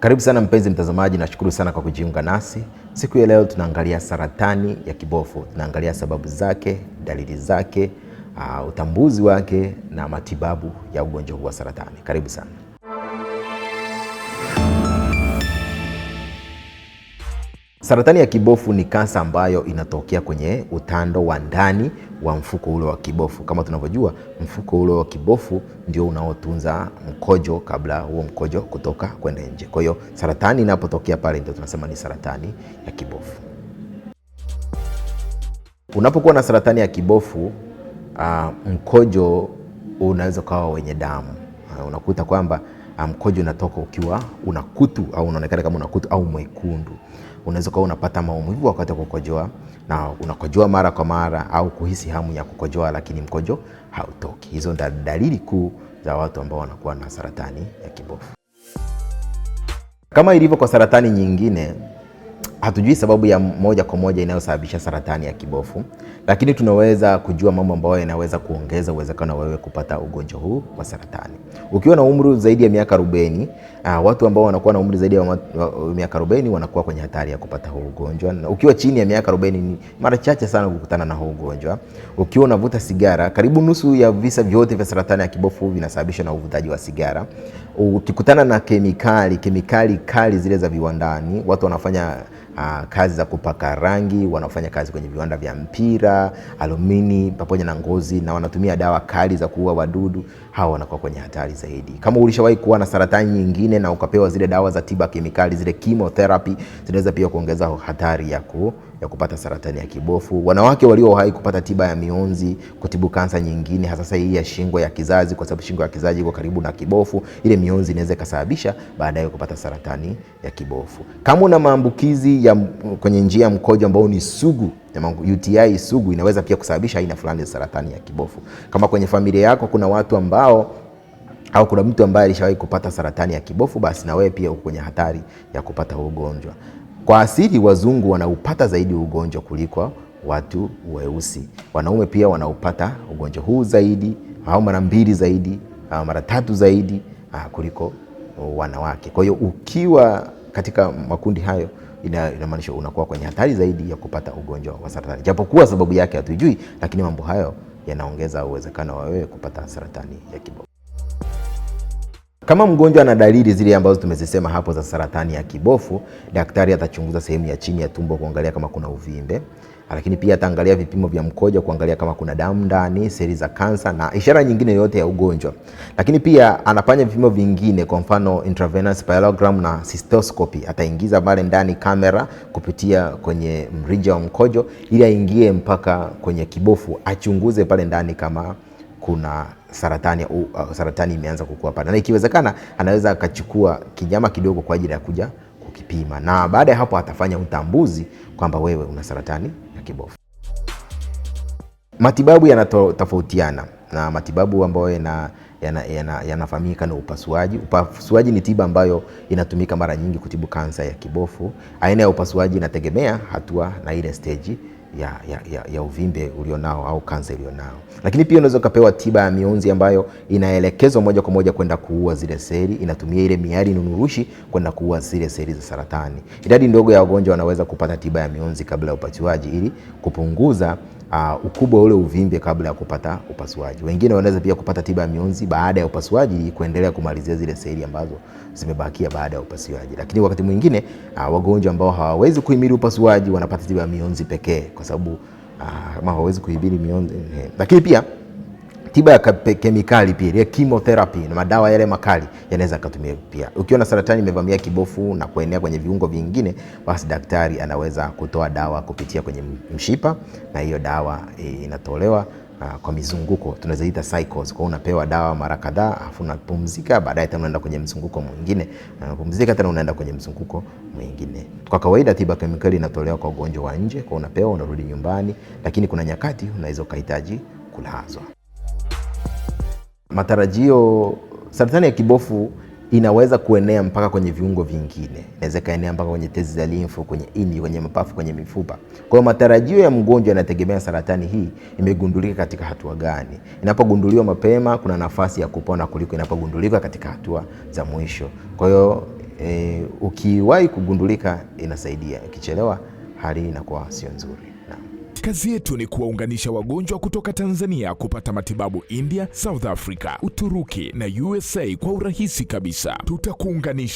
Karibu sana mpenzi mtazamaji, nashukuru sana kwa kujiunga nasi siku ya leo. Tunaangalia saratani ya kibofu, tunaangalia sababu zake, dalili zake, uh, utambuzi wake na matibabu ya ugonjwa huu wa saratani. Karibu sana. Saratani ya kibofu ni kansa ambayo inatokea kwenye utando wa ndani wa mfuko ule wa kibofu. Kama tunavyojua, mfuko ule wa kibofu ndio unaotunza mkojo kabla huo mkojo kutoka kwenda nje. Kwa hiyo saratani inapotokea pale, ndio tunasema ni saratani ya kibofu. Unapokuwa na saratani ya kibofu uh, mkojo unaweza ukawa wenye damu uh, unakuta kwamba ah, mkojo unatoka ukiwa una kutu au unaonekana kama una kutu au mwekundu unaweza kuwa unapata maumivu wakati wa kukojoa na unakojoa mara kwa mara au kuhisi hamu ya kukojoa lakini mkojo hautoki. Hizo ndio dalili kuu za watu ambao wanakuwa na saratani ya kibofu. Kama ilivyo kwa saratani nyingine, hatujui sababu ya moja kwa moja inayosababisha saratani ya kibofu, lakini tunaweza kujua mambo ambayo yanaweza kuongeza uwezekano wewe kupata ugonjwa huu wa saratani. Ukiwa na umri zaidi ya miaka 40, uh, ah, watu ambao wanakuwa na umri zaidi ya miaka 40 wanakuwa kwenye hatari ya kupata huu ugonjwa, na ukiwa chini ya miaka 40 ni mara chache sana kukutana na huu ugonjwa. Ukiwa unavuta sigara, karibu nusu ya visa vyote vya saratani ya kibofu vinasababishwa na uvutaji wa sigara. Ukikutana na kemikali, kemikali kali zile za viwandani, watu wanafanya Aa, ah, kazi za kupaka rangi, wanaofanya kazi kwenye viwanda vya mpira, alumini pamoja na ngozi, na wanatumia dawa kali za kuua wadudu, hao wanakuwa kwenye hatari zaidi. Kama ulishawahi kuwa na saratani nyingine na ukapewa zile dawa za tiba kemikali, zile chemotherapy, zinaweza pia kuongeza hatari ya ku ya kupata saratani ya kibofu. Wanawake walio hai kupata tiba ya mionzi, kutibu kansa nyingine, hasa hii ya shingo ya kizazi, kwa sababu shingo ya kizazi iko karibu na kibofu. Ile mionzi inaweza ikasababisha baadaye kupata saratani ya kibofu. Kama una maambukizi ya kwenye njia ya mkojo ambao ni sugu UTI sugu inaweza pia kusababisha aina fulani za saratani ya kibofu. Kama kwenye familia yako kuna watu ambao au kuna mtu ambaye alishawahi kupata saratani ya kibofu, basi na wewe pia uko kwenye hatari ya kupata ugonjwa. Kwa asili wazungu wanaupata zaidi ugonjwa kuliko watu weusi. Wanaume pia wanaupata ugonjwa huu zaidi au mara mbili zaidi au mara tatu zaidi ah, kuliko wanawake. Kwa hiyo ukiwa katika makundi hayo inamaanisha unakuwa kwenye hatari zaidi ya kupata ugonjwa wa saratani. Japokuwa sababu yake hatuijui, lakini mambo hayo yanaongeza uwezekano wa wewe kupata saratani ya kibongo. Kama mgonjwa ana dalili zile ambazo tumezisema hapo za saratani ya kibofu, daktari atachunguza sehemu ya chini ya tumbo kuangalia kama kuna uvimbe, lakini pia ataangalia vipimo vya mkojo kuangalia kama kuna damu ndani, seli za kansa na ishara nyingine yoyote ya ugonjwa. Lakini pia anafanya vipimo vingine, kwa mfano intravenous pyelogram na cystoscopy. Ataingiza pale ndani kamera kupitia kwenye mrija wa mkojo ili aingie mpaka kwenye kibofu, achunguze pale ndani kama kuna saratani uh, saratani imeanza kukua pale, na ikiwezekana anaweza akachukua kinyama kidogo kwa ajili ya kuja kukipima, na baada ya hapo atafanya utambuzi kwamba wewe una saratani ya kibofu. Matibabu yanatofautiana na matibabu ambayo yana yanafahamika yana, yana na upasuaji. Upasuaji ni tiba ambayo inatumika mara nyingi kutibu kansa ya kibofu. Aina ya upasuaji inategemea hatua na ile steji ya, ya, ya, ya uvimbe ulionao au kansa ulionao Lakini pia unaweza ukapewa tiba ya mionzi ambayo inaelekezwa moja kwa moja kwenda kuua zile seli, inatumia ile miali nunurushi kwenda kuua zile seli za saratani. Idadi ndogo ya wagonjwa wanaweza kupata tiba ya mionzi kabla ya upasuaji ili kupunguza uh, ukubwa ule uvimbe kabla ya kupata upasuaji. Wengine wanaweza pia kupata tiba ya mionzi baada ya upasuaji kuendelea kumalizia zile seli ambazo zimebakia baada ya upasuaji. Lakini wakati mwingine uh, wagonjwa ambao hawawezi kuhimili upasuaji wanapata tiba ya mionzi pekee kwa sababu uh, kama hawawezi kuhimili mionzi eh, Lakini pia tiba ya kemikali pia ya chemotherapy na madawa yale makali yanaweza kutumia pia. Ukiona saratani imevamia kibofu na kuenea kwenye viungo vingine, basi daktari anaweza kutoa dawa kupitia kwenye mshipa, na hiyo dawa e, inatolewa kwa mizunguko tunazoita cycles. Kwa unapewa dawa mara kadhaa, afu unapumzika, baadaye tena unaenda kwenye mzunguko mwingine, unapumzika tena unaenda kwenye mzunguko mwingine. Kwa kawaida tiba kemikali inatolewa kwa ugonjwa wa nje, kwa unapewa, unarudi nyumbani, lakini kuna nyakati unaweza ukahitaji kulazwa. Matarajio, saratani ya kibofu inaweza kuenea mpaka kwenye viungo vingine, inaweza kaenea mpaka kwenye tezi za limfu, kwenye ini, kwenye mapafu, kwenye mifupa. Kwa hiyo matarajio ya mgonjwa yanategemea saratani hii imegundulika katika hatua gani. Inapogunduliwa mapema, kuna nafasi ya kupona kuliko inapogundulika katika hatua za mwisho. Kwa hiyo e, ukiwahi kugundulika inasaidia, ikichelewa hali inakuwa sio nzuri. Naam. Kazi yetu ni kuwaunganisha wagonjwa kutoka Tanzania kupata matibabu India, South Africa, Uturuki na USA kwa urahisi kabisa. Tutakuunganisha